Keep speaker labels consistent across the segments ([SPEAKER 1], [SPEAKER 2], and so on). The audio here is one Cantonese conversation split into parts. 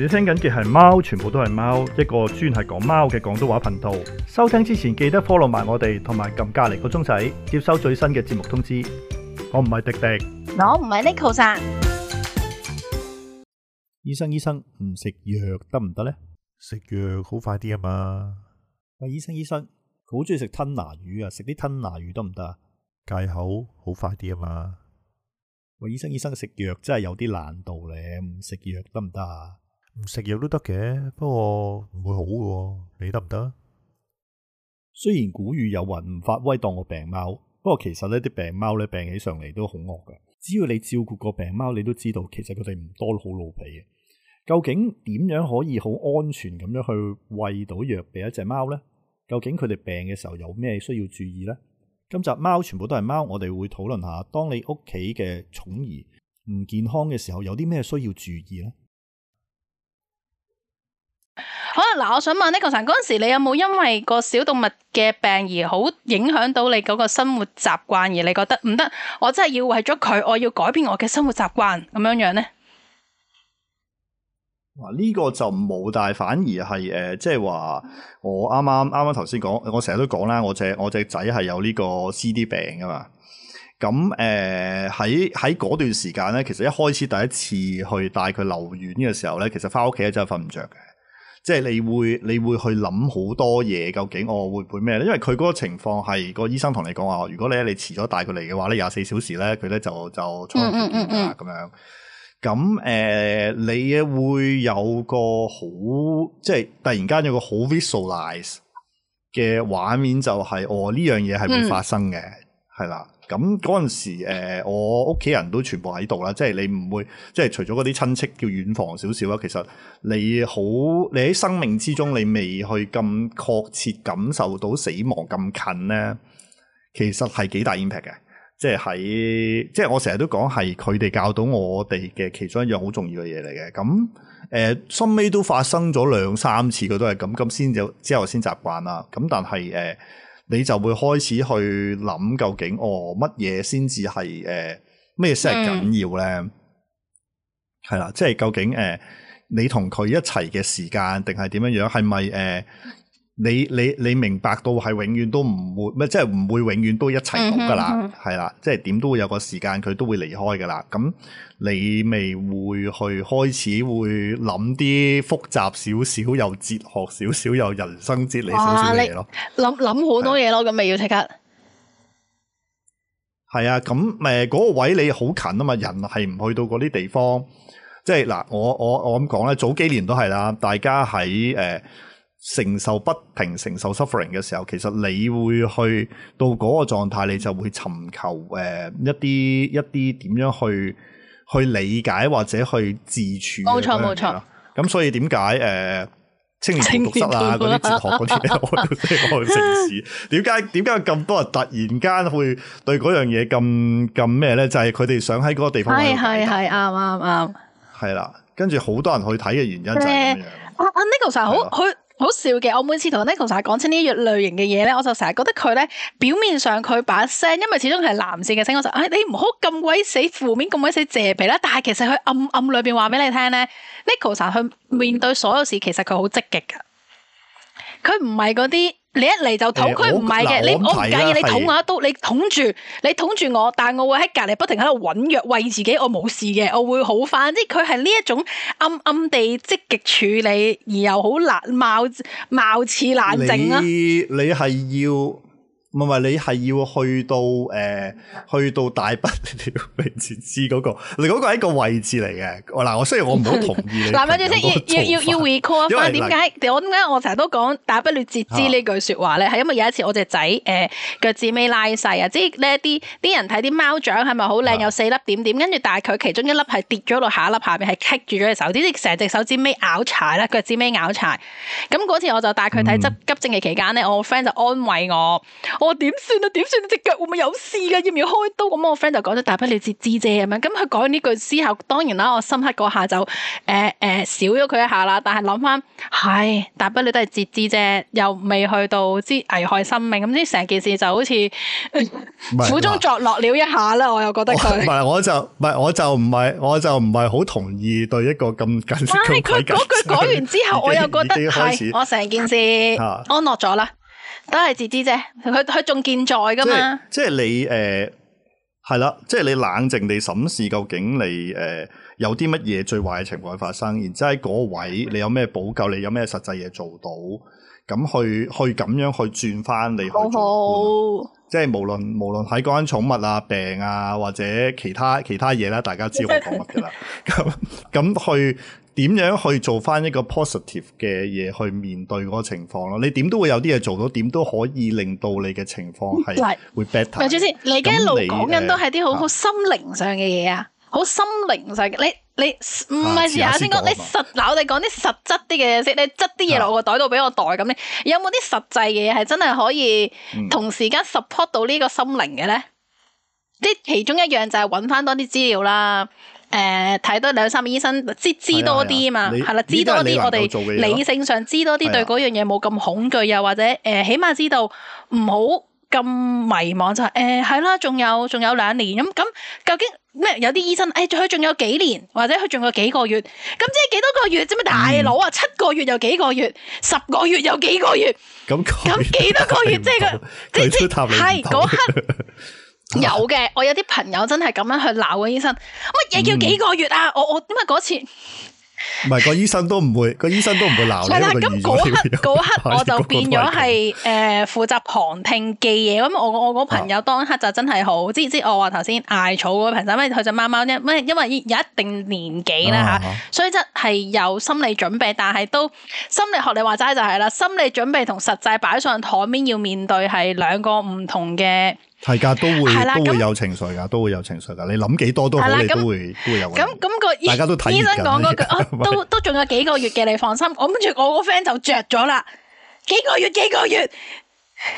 [SPEAKER 1] 你聽緊嘅係貓，全部都係貓，一個專係講貓嘅廣東話頻道。收聽之前記得 follow 埋我哋，同埋撳隔籬個鐘仔，接收最新嘅節目通知。我唔係迪迪，
[SPEAKER 2] 我唔係 Neko。
[SPEAKER 1] 醫生，醫生唔食藥得唔得呢？食藥好快啲啊嘛。喂，醫生，醫生好中意食吞拿魚啊，食啲吞拿魚得唔得啊？戒口好快啲啊嘛。喂，醫生，醫生食藥真係有啲難度咧，唔食藥得唔得啊？行唔食藥都得嘅，不過唔會好嘅。你得唔得？雖然古語有云唔發威當我病貓，不過其實呢啲病貓咧，病起上嚟都好惡㗎。只要你照顧個病貓，你都知道其實佢哋唔多好老皮脾嘅。究竟點樣可以好安全咁樣去餵到藥俾一隻貓呢？究竟佢哋病嘅時候有咩需要注意呢？今集貓全部都係貓，我哋會討論下，當你屋企嘅寵兒唔健康嘅時候，有啲咩需要注意呢？
[SPEAKER 2] 好啦，嗱，我想問呢個 Neko，嗰陣時你有冇因為個小動物嘅病而好影響到你嗰個生活習慣而你覺得唔得？我真係要為咗佢，我要改變我嘅生活習慣咁樣樣咧？
[SPEAKER 1] 嗱，呢個就冇，但係反而係誒，即係話我啱啱啱啱頭先講，我成日都講啦，我隻我隻仔係有呢個 C D 病噶嘛。咁誒，喺喺嗰段時間咧，其實一開始第一次去帶佢留院嘅時候咧，其實翻屋企咧真係瞓唔着嘅。即係你會你會去諗好多嘢，究竟我、哦、會唔會咩咧？因為佢嗰個情況係，個醫生同你講話，如果咧你遲咗帶佢嚟嘅話咧，廿四小時咧佢咧就就倉促處理啦咁樣。咁誒、呃，你會有個好即係突然間有個好 visualize 嘅畫面，就是，就係哦呢樣嘢係會發生嘅，係啦，嗯。咁嗰陣時，呃、我屋企人都全部喺度啦，即係你唔會，即係除咗嗰啲親戚叫遠房少少啦。其實你好，你喺生命之中你未去咁確切感受到死亡咁近咧，其實係幾大 impact 嘅。即係喺，即係我成日都講係佢哋教到我哋嘅其中一樣好重要嘅嘢嚟嘅。咁誒，收、呃、尾都發生咗兩三次，佢都係咁，咁先至之後先習慣啦。咁但係誒。呃你就會開始去諗究竟哦，乜嘢先至係誒咩先係緊要咧？係啦、嗯，即係究竟誒、呃、你同佢一齊嘅時間定係點樣樣？係咪誒？呃你你你明白到係永遠都唔會咩？即係唔會永遠都一齊攰噶啦，係啦、嗯，即係點都會有個時間佢都會離開噶啦。咁你咪會去開始會諗啲複雜少少又哲學少少又，又人生哲理少少嘅嘢
[SPEAKER 2] 咯。諗諗好多嘢咯，咁咪的要即刻。
[SPEAKER 1] 係啊，咁誒嗰個位你好近啊嘛，人係唔去到嗰啲地方，即係嗱，我我我咁講咧，早幾年都係啦，大家喺誒。呃承受不停承受 suffering 嘅時候，其實你會去到嗰個狀態，你就會尋求誒、呃、一啲一啲點樣去去理解或者去自處。冇錯冇錯。咁所以點解誒青年讀書室啊嗰啲哲學嗰啲啊，我都要去試？點解點解咁多人突然間會對嗰樣嘢咁咁咩咧？就係佢哋想喺嗰個地方去睇。係
[SPEAKER 2] 係係啱啱啱。
[SPEAKER 1] 係啦，跟住好多人去睇嘅原因就係
[SPEAKER 2] 咁樣。阿阿 n i 好佢。啊好笑嘅，我每次同 Neko 講清呢啲類型嘅嘢咧，我就成日覺得佢咧表面上佢把聲，因為始終佢係男性嘅聲，我就誒、哎、你唔好咁鬼死負面，咁鬼死謝皮啦。但係其實佢暗暗裏邊話俾你聽咧，Neko 佢面對所有事其實佢好積極嘅，佢唔係嗰啲。你一嚟就捅，佢唔係嘅，我這你我唔介意你捅我一刀，的你捅住，你捅住我，但係我會喺隔籬不停喺度揾藥餵自己，我冇事嘅，我會好翻。即係佢係呢一種暗暗地積極處理，而又好難貌貌似冷靜啊。你
[SPEAKER 1] 你係要？唔係你係要去到誒，去到大不了被截肢嗰個，你嗰個係一個位置嚟嘅。嗱，我雖然我唔好同意嗱，咪住要要要 recall 翻點解，我
[SPEAKER 2] 點解我成日都講大不了截肢呢句説話咧？係因為有一次我隻仔誒腳趾尾拉細啊，即係呢一啲啲人睇啲貓掌係咪好靚，有四粒點點，跟住但係佢其中一粒係跌咗落下一粒下邊係棘住咗嘅時候，啲成隻手指尾咬柴啦，腳趾尾咬柴。咁嗰次我就帶佢睇執急症嘅期間咧，我 friend 就安慰我。我點算啊？點算啊？隻腳會唔會有事噶、啊？要唔要開刀咁？我 friend 就講咗大不了截肢啫咁樣。咁佢講完呢句之後，當然啦，我深刻嗰下就誒誒少咗佢一下啦。但係諗翻，係大不了都係截肢啫，又未去到之危害生命。咁呢成件事就好似苦是中作樂了一下啦。是我又覺得佢唔係，
[SPEAKER 1] 我就唔係，我就唔係，我就唔係好同意對一個咁緊要嘅。但係佢嗰句講完之後，我又覺得係我
[SPEAKER 2] 成件事安樂咗啦。都係自知啫，佢佢仲健在噶嘛？
[SPEAKER 1] 即係你誒，係啦，即係你、呃、你冷靜地審視究竟你誒、呃、有啲乜嘢最壞嘅情況發生，然之後喺嗰位你有咩補救，你有咩實際嘢做到，咁去去咁樣去轉翻你好好，即係無論無論喺嗰間寵物啊病啊或者其他其他嘢啦、啊，大家知我講乜嘅啦，咁咁 去。點樣去做翻一個 positive 嘅嘢去面對嗰個情況咯？你點都會有啲嘢做到，點都可以令到你嘅情況係會 better。咪住先，你而家你一路講緊都係啲
[SPEAKER 2] 好好心靈上嘅嘢啊，好心靈上,心靈上。你你唔係試下先講，你,、啊、說你實我哋講啲實質啲嘅嘢先，啊、你執啲嘢落個袋度俾我袋咁。你有冇啲實際嘅嘢係真係可以同時間 support 到呢個心靈嘅咧？即係、嗯、其中一樣就係搵翻多啲資料啦。誒，睇多兩三個醫生，知知多啲啊嘛，係啦，知多啲，我哋理性上知多啲，啊，對嗰樣嘢冇咁恐懼又或者誒、呃，起碼知道唔好咁迷茫就係誒，係、呃、啦，仲有仲有兩年咁咁，究竟咩？有啲醫生誒，佢、欸、仲有幾年，或者佢仲有幾個月，咁即係幾多個月啫？咩大佬啊，七個月又幾個月，嗯、十個月又幾個月，
[SPEAKER 1] 咁咁幾多個月即係佢即係嗰刻。
[SPEAKER 2] 有嘅，我有啲朋友真係咁樣去鬧個醫生，乜嘢叫幾個月啊？嗯、我我因為嗰次
[SPEAKER 1] 唔係個醫生都唔會 個醫生都唔會鬧你啦。咁嗰刻嗰 刻我就變咗係
[SPEAKER 2] 誒負責旁聽記嘢。咁我我個朋友當刻就真係好，啊，知唔知？我話頭先嗌交嗰個朋友咩，佢隻貓貓咧，因為有一定年紀啦吓，啊啊，所以即係有心理準備，但係都心理學你話齋就係，是，啦，心理準備同實際擺上台面要面對係兩個唔同嘅。
[SPEAKER 1] 係噶，都會都會有情緒噶，都會有情緒噶。你諗幾多都好，你都會都會有。咁
[SPEAKER 2] 咁個醫生講嗰句，都都仲有幾個月嘅，你放心。我跟住我個 friend 就着咗啦，幾個月，幾個月，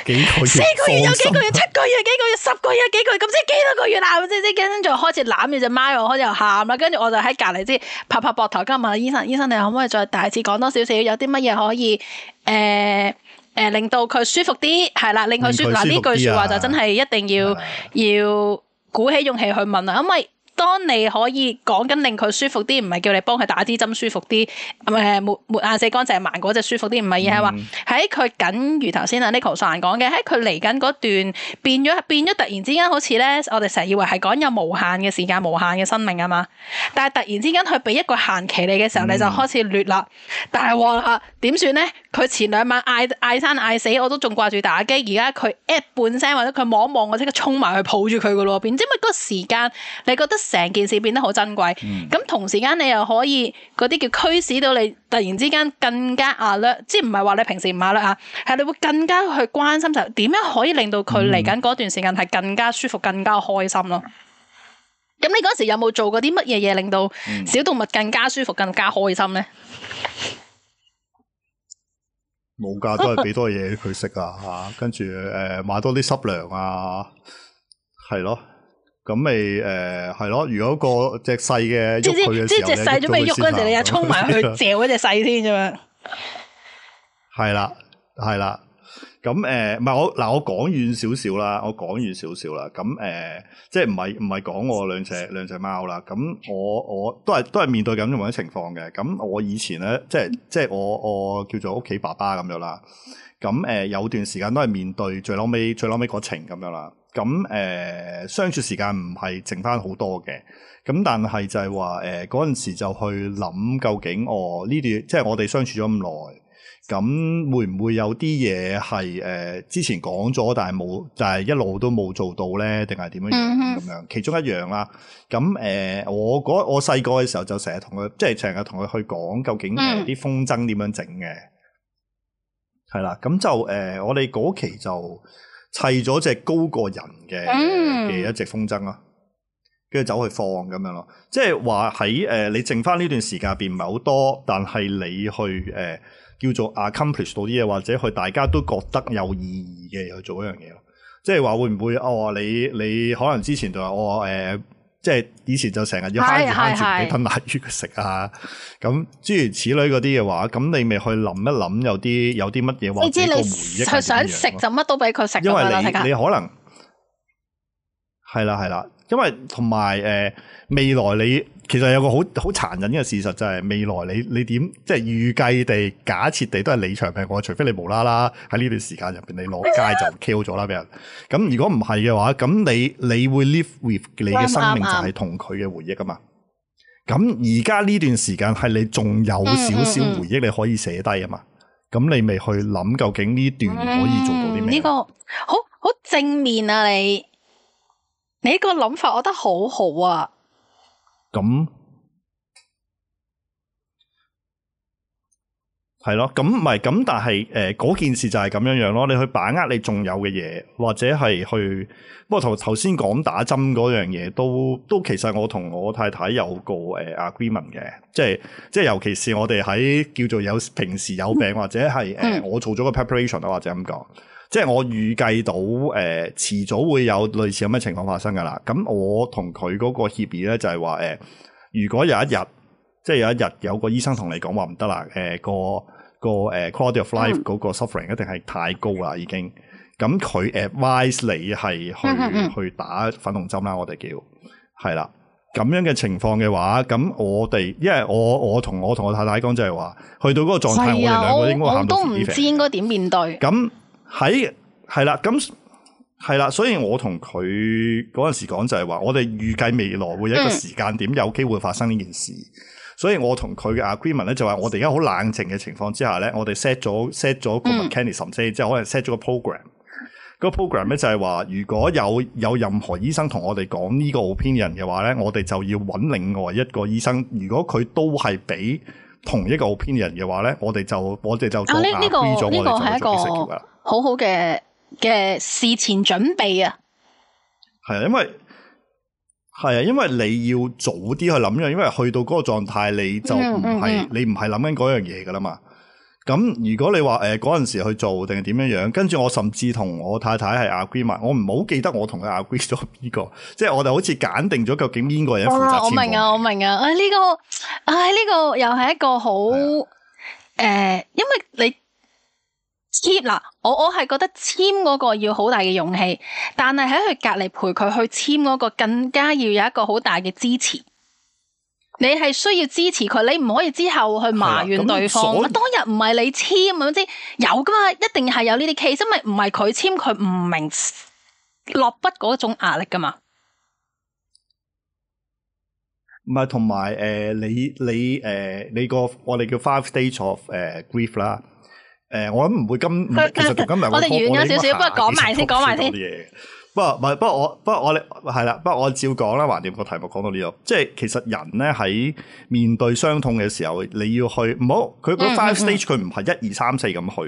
[SPEAKER 2] 幾個月，四個月，有幾個月，七個月，幾個月，十個月，幾個月，咁即係幾多個月啦？咁即跟住開始攬住隻貓我，開始又喊啦。跟住我就喺隔籬，即拍拍膊頭。今日問醫生，醫生你可唔可以再大致講多少少？有啲乜嘢可以？誒。誒，令到佢舒服啲，係啦，令佢舒。嗱，呢句說話就真係一定要要鼓起勇氣去問啦，因為當你可以講緊令佢舒服啲，唔係叫你幫佢打支針舒服啲，誒，抹抹眼洗乾淨慢過只舒服啲，唔係而係話喺佢緊如頭先啊 Neko 講嘅，喺佢嚟緊嗰段變咗變咗，突然之間好似咧，我哋成日以為係講有無限嘅時間、無限嘅生命啊嘛，但係突然之間佢俾一個限期你嘅時候，你就開始劣啦，大鑊啦，點算咧？佢前兩晚嗌嗌生嗌死，我都仲掛住打機。而家佢 at 半聲或者佢望一望，我即刻衝埋去抱住佢嘅咯。邊之咪嗰個時間，你覺得成件事變得好珍貴。咁、嗯、同時間你又可以嗰啲叫驅使到你突然之間更加 alert，即係唔係話你平時唔 alert 啊？係你會更加去關心就點樣可以令到佢嚟緊嗰段時間係更加舒服、更加開心咯。咁、嗯、你嗰時有冇做過啲乜嘢嘢令到小動物更加舒服、更加開心呢？
[SPEAKER 1] 冇噶，都係畀多嘢佢食啊。吓，跟住誒買多啲濕糧啊，係咯，咁咪誒係咯。如果個隻細嘅，知唔知，即係隻細咗未喐嗰陣，你又衝埋去
[SPEAKER 2] 嚼嗰隻細先，啫嘛。
[SPEAKER 1] 係啦，係啦。 咁誒，唔係我嗱，我講遠少少啦，我講遠少少啦。咁誒、嗯嗯，即係唔係唔係講我兩隻兩隻貓啦。咁、嗯、我我都係都係面對緊咁樣情況嘅。咁、嗯、我以前咧，即係即係我我叫做屋企爸爸咁樣啦。咁、嗯、誒、嗯、有段時間都係面對最後尾最後尾嗰程咁樣啦。咁、嗯、誒、嗯嗯、相處時間唔係剩返好多嘅。咁、嗯、但係就係話誒嗰陣時就去諗究竟我呢段即係我哋相處咗咁耐。咁會唔會有啲嘢係誒之前講咗，但係冇，但係一路都冇做到咧，定係點樣咁樣？Mm hmm. 其中一樣啦。咁誒、呃，我我細個嘅時候就成日同佢，即係成日同佢去講究竟誒啲、呃、風箏點樣整嘅，係啦、mm。咁、hmm. 就誒、呃，我哋嗰期就砌咗隻高過人嘅嘅、mm hmm. 一隻風箏咯，跟住走去放咁樣咯。即係話喺誒，你、呃呃、剩翻呢段時間入邊唔係好多，但係你去誒。呃呃叫做 accomplish 到啲嘢，或者去大家都覺得有意義嘅去做一樣嘢咯。即係話會唔會哦？你你可能之前就話我誒，即係以前就成日要住俾吞拿魚佢食啊。咁是諸如此類嗰啲嘅話，咁你咪去諗一諗有啲有啲乜嘢話，回憶你知你想食就
[SPEAKER 2] 乜都俾佢食。因為你可
[SPEAKER 1] 能係啦係啦，因為同埋誒未來你。其實有個好好殘忍嘅事實就係、是、未來你你點即係預計地假設地都係你長命過，除非你無啦啦喺呢段時間入邊你攞街就 kill 咗啦，俾人。咁如果唔係嘅話，咁你你會 live with 你嘅生命就係同佢嘅回憶啊嘛。咁而家呢段時間係你仲有少少回憶你可以寫低啊嘛。咁你未去諗究竟呢段可以做
[SPEAKER 2] 到啲咩？呢、嗯這個好好正面啊！你你個諗法，我覺得好好啊。
[SPEAKER 1] 咁，係咯，咁唔係咁，但係誒嗰件事就係咁樣樣咯。你去把握你仲有嘅嘢，或者係去，不過頭頭先講打針嗰樣嘢，都都其實我同我太太有個誒 agreement 嘅，即係即係尤其是我哋喺叫做有平時有病或者係誒我做咗個 preparation 啊，或者咁講。呃即係我預計到誒、呃、遲早會有類似咁嘅情況發生㗎啦。咁我同佢嗰個協議咧就係話誒，如果有一日，即係有一日有個醫生同你講話唔得啦，誒、呃、個、呃、個個誒 quality of life 嗰個 suffering 一定係太高啦已經。咁佢 advice 你係去嗯嗯嗯去打粉紅針啦，我哋叫係啦。咁樣嘅情況嘅話，咁我哋因為我我同我同我太太講就係話，去到嗰個狀態，我哋兩個應該都唔知應
[SPEAKER 2] 該點面對
[SPEAKER 1] 咁那。喺係啦，咁係啦，所以我同佢嗰陣時講就係話，我哋預計未來會有一個時間點有機會發生呢件事，嗯、所以我同佢嘅 agreement 咧就話，我哋而家好冷靜嘅情況之下咧，嗯、我哋 set 咗 set 咗個 mechanism 即係可能 set 咗個 program。個 program 咧就係話，如果有有任何醫生同我哋講呢個 opinion 嘅話咧，我哋就要揾另外一個醫生。如果佢都係俾，同一個 opinion 嘅話咧，我哋就我哋就做呢個，呢個係一個
[SPEAKER 2] 好好嘅嘅事前準備啊。
[SPEAKER 1] 係啊，因為係啊，因為你要早啲去諗嘅，因為去到嗰個狀態你就唔係、嗯嗯嗯、你唔係諗緊嗰樣嘢噶啦嘛。咁如果你話誒嗰陣時去做定係點樣樣，跟住我甚至同我太太係 agree 埋，我唔好記得我同佢 agree 咗邊個，即係我哋好似揀定咗究竟邊個人負責簽我。我明啊，
[SPEAKER 2] 我明啊，啊呢個啊呢個又係一個好誒、啊呃，因為你 keep 簽嗱，我我係覺得簽嗰個要好大嘅勇氣，但係喺佢隔籬陪佢去簽嗰、那個更加要有一個好大嘅支持。你係需要支持佢，你唔可以之後去埋怨對方。啊、當日唔係你簽，總之有噶嘛，一定係有呢啲 case，即係唔係佢簽，佢唔明落筆嗰種壓力噶嘛。
[SPEAKER 1] 唔係，同埋誒，你你誒，你個我哋叫 five states of 誒 grief 啦。誒、呃，我諗唔、呃呃、會今，今日我我哋遠咗少少，不過講埋先，講埋先。不過唔係，不過我不過我你係啦，不過我,我,我照講啦，橫掂個題目講到呢度，即係其實人咧喺面對傷痛嘅時候，你要去唔好，佢 five stage 佢唔係一二三四咁去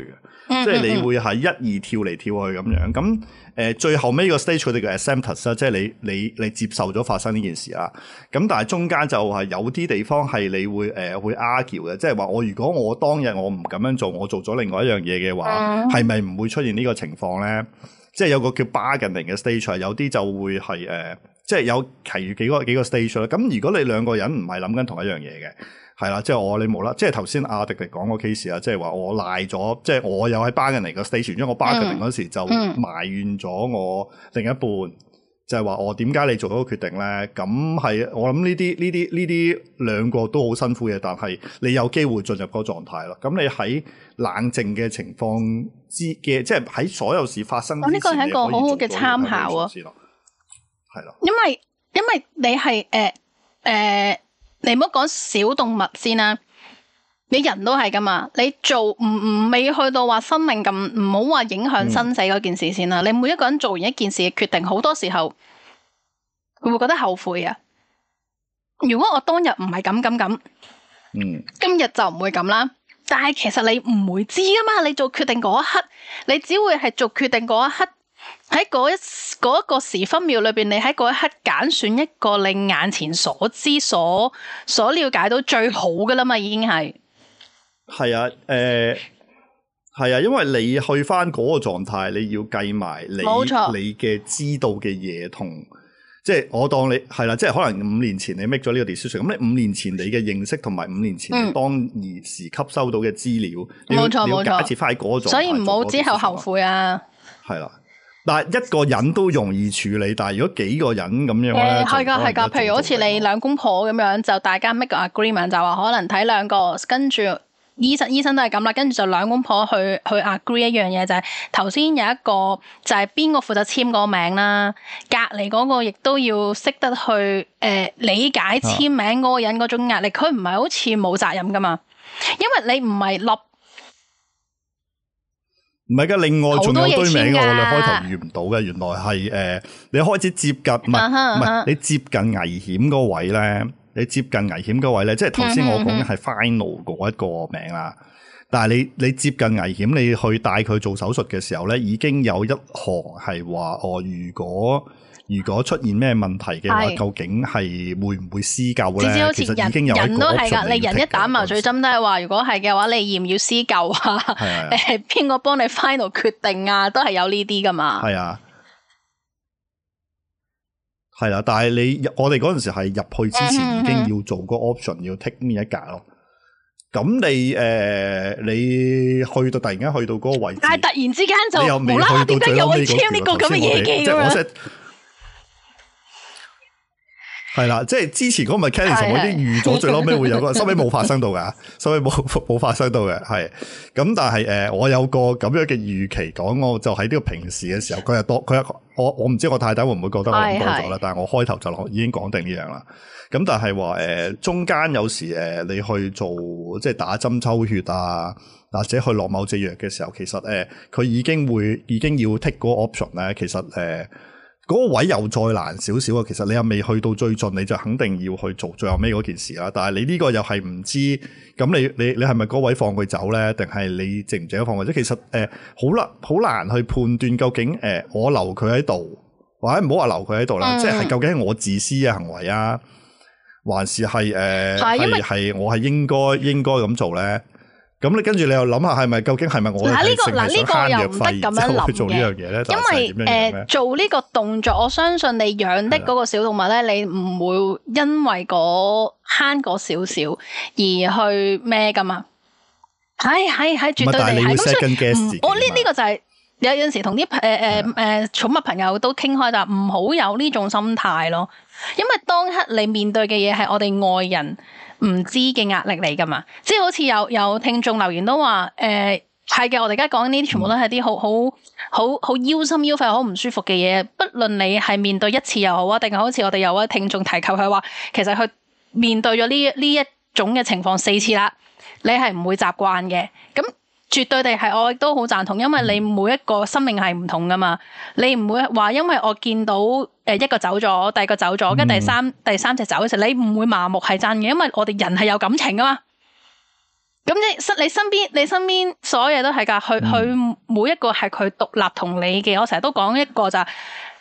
[SPEAKER 1] 嘅，即係你會喺一二跳嚟跳去咁樣。咁誒、呃、最後尾個 stage 佢哋嘅 acceptance 即係你你你接受咗發生呢件事啦。咁但係中間就係有啲地方係你會誒、呃、會 argue 嘅，即係話我如果我當日我唔咁樣做，我做咗另外一樣嘢嘅話，係咪唔會出現呢個情況咧？即係有個叫 bargaining 嘅 stage，有啲就會係誒、呃，即係有其餘幾個幾個 stage 啦。咁如果你兩個人唔係諗緊同一樣嘢嘅，係啦，即係我你冇啦。即係頭先阿迪迪講個 case 啊，即係話我賴咗，即係我又喺 bargaining 嘅 stage，因為我 bargaining 嗰時就埋怨咗我另一半。嗯嗯。就係話我點解你做咗個決定咧？咁係我諗呢啲呢啲呢啲兩個都好辛苦嘅，但係你有機會進入嗰個狀態咯。咁你喺冷靜嘅情況之嘅，即係喺所有事發生，我呢、啊呢個係一個好好嘅參考喎。係咯，
[SPEAKER 2] 因為因為你係誒誒，你唔好講小動物先啦、啊。你人都係噶嘛？你做唔唔未去到話生命咁唔好話影響生死嗰件事先啦。嗯、你每一個人做完一件事嘅決定，好多時候會唔會覺得後悔啊？如果我當日唔係咁咁咁，嗯，今日就唔會咁啦。但係其實你唔會知噶嘛。你做決定嗰一刻，你只會係做決定嗰一刻喺嗰一嗰一個時分秒裏邊，你喺嗰一刻揀選一個你眼前所知所所了解到最好噶啦嘛，已經係。
[SPEAKER 1] 係啊，誒，係、呃、啊，因為你去翻嗰個狀態，你要計埋你冇錯你嘅知道嘅嘢同，即係我當你係啦，即係可能五年前你 make 咗呢個 decision，咁你五年前你嘅認識同埋五年前當時吸收到嘅資料，冇錯冇錯，解釋翻嗰個狀態，所以唔好之後後悔啊。係啦，但係一個人都容易處理，但係如果幾個人咁樣咧，係噶係噶，譬如
[SPEAKER 2] 好似如你兩公婆咁樣，就大家 make 個 agreement，就話可能睇兩個，跟住。醫生醫生都係咁啦，跟住就兩公婆去去 agree 一樣嘢，就係頭先有一個就係邊個負責簽個名啦，隔離嗰個亦都要識得去誒、呃、理解簽名嗰個人嗰種壓力，佢唔係好似冇責任㗎嘛，因為你唔係立。
[SPEAKER 1] 唔係嘅，另外仲有堆名我哋開頭遇唔到嘅，原來係誒、呃、你開始接近，唔係你接近危險嗰位咧。你接近危險嗰位咧，即係頭先我講嘅係 final 嗰一個名啦。嗯嗯嗯，但係你你接近危險，你去帶佢做手術嘅時候咧，已經有一項係話，哦，如果如果出現咩問題嘅話，是究竟係會唔會施救咧？只只好似人其實已經有人都係噶，你人一
[SPEAKER 2] 打麻醉針都係話，如果係嘅話，你要唔要施救啊？誒、啊，邊個 幫你 final 決定啊？都係有呢啲噶嘛。
[SPEAKER 1] 係啊。係啦，但係你入我哋嗰陣時，係入去之前已經要做個 option，要 tick 呢一格咯。咁你誒，你去到突然間去到嗰個位置，但
[SPEAKER 2] 係突然之間就你又未去到最尾，點解又 can 呢個咁嘅嘢嘅咁樣？
[SPEAKER 1] 係啦，即係之前嗰咪 Kelly 我已經預咗，最屘尾會有個，收尾冇發生到㗎，收尾冇冇發生到嘅。係咁，但係誒，我有個咁樣嘅預期講，我就喺呢個平時嘅時候，佢又多佢一我我唔知我太太會唔會覺得我講多咗啦，是是但係我開頭就已經講定呢樣啦。咁但係話誒中間有時誒你去做即係打針抽血啊，或者去落某隻藥嘅時候，其實誒佢、呃、已經會已經要剔 a 嗰個 option 咧。其實誒。呃嗰位又再難少少啊！其實你又未去到最盡，你就肯定要去做最後尾嗰件事啦。但係你呢個又係唔知咁，你你你係咪嗰位放佢走咧？定係你值唔值得放佢走？或者其實誒好、呃、難好難去判斷究竟誒、呃、我留佢喺度，或者唔好話留佢喺度啦，嗯、即係究竟係我自私嘅行為啊，還是係誒係係我係應該應該咁做咧？咁你跟住你又諗下係咪究竟係咪我、這個？嗱，呢個嗱呢個又唔得咁樣諗嘅。因為誒、呃、做
[SPEAKER 2] 呢個動作，我相信你養的嗰個小動物咧，嗯、你唔會因為嗰慳嗰少少而去咩㗎嘛？係係係絕對係。咁、嗯、所以，我呢呢、這個就係、是、有陣時同啲誒誒誒寵物朋友都傾開，就唔好有呢種心態咯。因為當刻你面對嘅嘢係我哋外人。唔知嘅壓力嚟㗎嘛？即係好似有有聽眾留言都話，誒係嘅，我哋而家講呢啲全部都係啲好好好好腰心、腰肺、好唔舒服嘅嘢。不論你係面對一次又好啊，定係好似我哋有位聽眾提及佢話，其實佢面對咗呢呢一種嘅情況四次啦，你係唔會習慣嘅。咁絕對地係，我亦都好贊同，因為你每一個生命係唔同噶嘛。你唔會話，因為我見到誒一個走咗，第二個走咗，跟住第三第三隻走嘅時候，你唔會麻木係真嘅，因為我哋人係有感情噶嘛。咁即係身你身邊，你身邊所有嘢都係㗎，佢佢每一個係佢獨立同你嘅。我成日都講一個就係、是，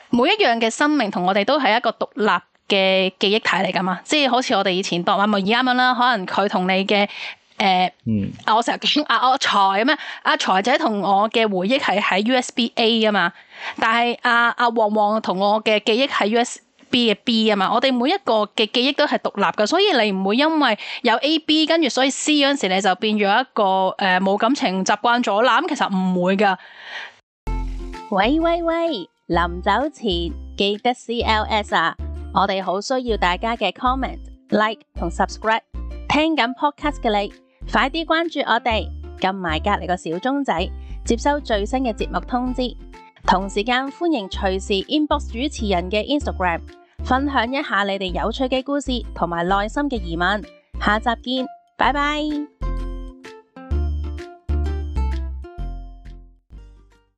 [SPEAKER 2] 每一樣嘅生命同我哋都係一個獨立嘅記憶體嚟噶嘛。即係好似我哋以前讀話莫而丫咁樣啦，可能佢同你嘅。誒、嗯啊，我成日叫阿阿財咁啊，阿、啊、財仔同、啊、我嘅回憶係喺 U S B A 啊嘛，但係阿阿旺旺同我嘅記憶係 U S B 嘅 B 啊嘛。我哋每一個嘅記憶都係獨立嘅，所以你唔會因為有 A B 跟住所以 C 嗰陣時你就變咗一個誒冇、啊、感情習慣咗啦。咁其實唔會噶。喂喂喂！臨走前記得 C L S 啊！我哋好需要大家嘅 comment、like 同 subscribe。聽緊 podcast 嘅你。快啲關注我哋，撳埋隔籬個小鐘仔，接收最新嘅節目通知。同時間歡迎隨時 inbox 主持人嘅 Instagram，分享一下你哋有趣嘅故事同埋內心嘅疑問。下集見，拜拜。